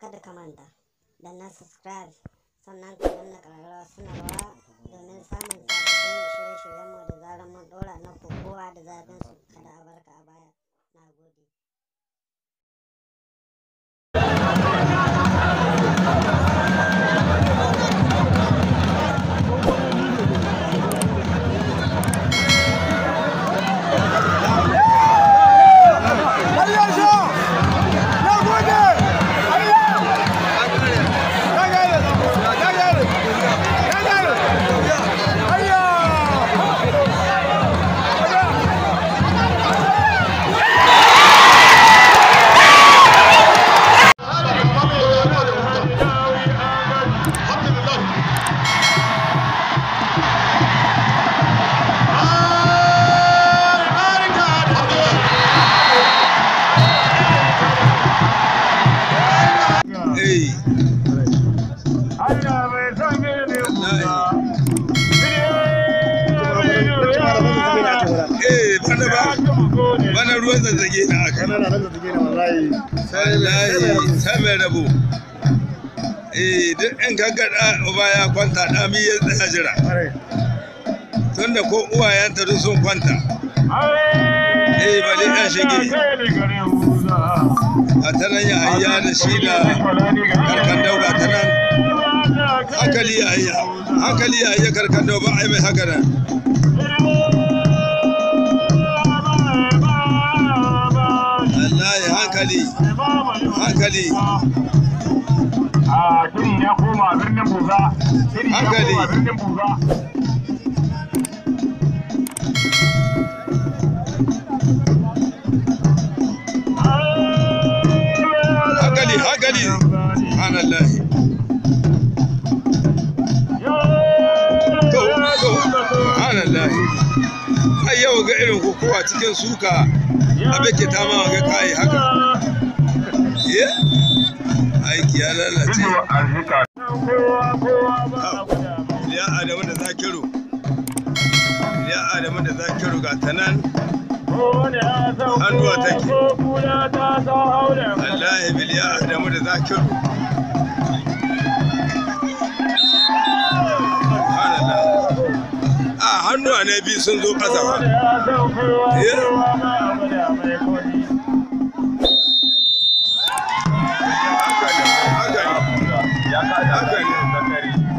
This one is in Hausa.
kada ka manta da na subscribe sannan ka danna suna rawa bana ba bana ruwan zazzage na aka wallahi sai mai rabo eh, duk in kaga da uba ya kwanta da mi ya tsaya jira tunda ko uwa uwayen ta sun kwanta eh bale ɗan shige a ta nan ya hayya da shi da karkan dauga ta nan hankali ya hayya hankali ya hayya karkan dauga ba yi mai haka nan hankali hankali a ah, shirin ya koma birnin buga hankali hankali hankali hankali hankali hankali hankali hankali hankali hankali yau ga irin cikin suka abin ke ta mawa ga kayi haka ye aiki ya lalace ya adamu da zakiru ya adamu da zakiru ga ta nan hannuwa ya wallahi bil ya adamu da zakiru a ah, hannuwa ne biyu sun zo ƙasa ba haka ne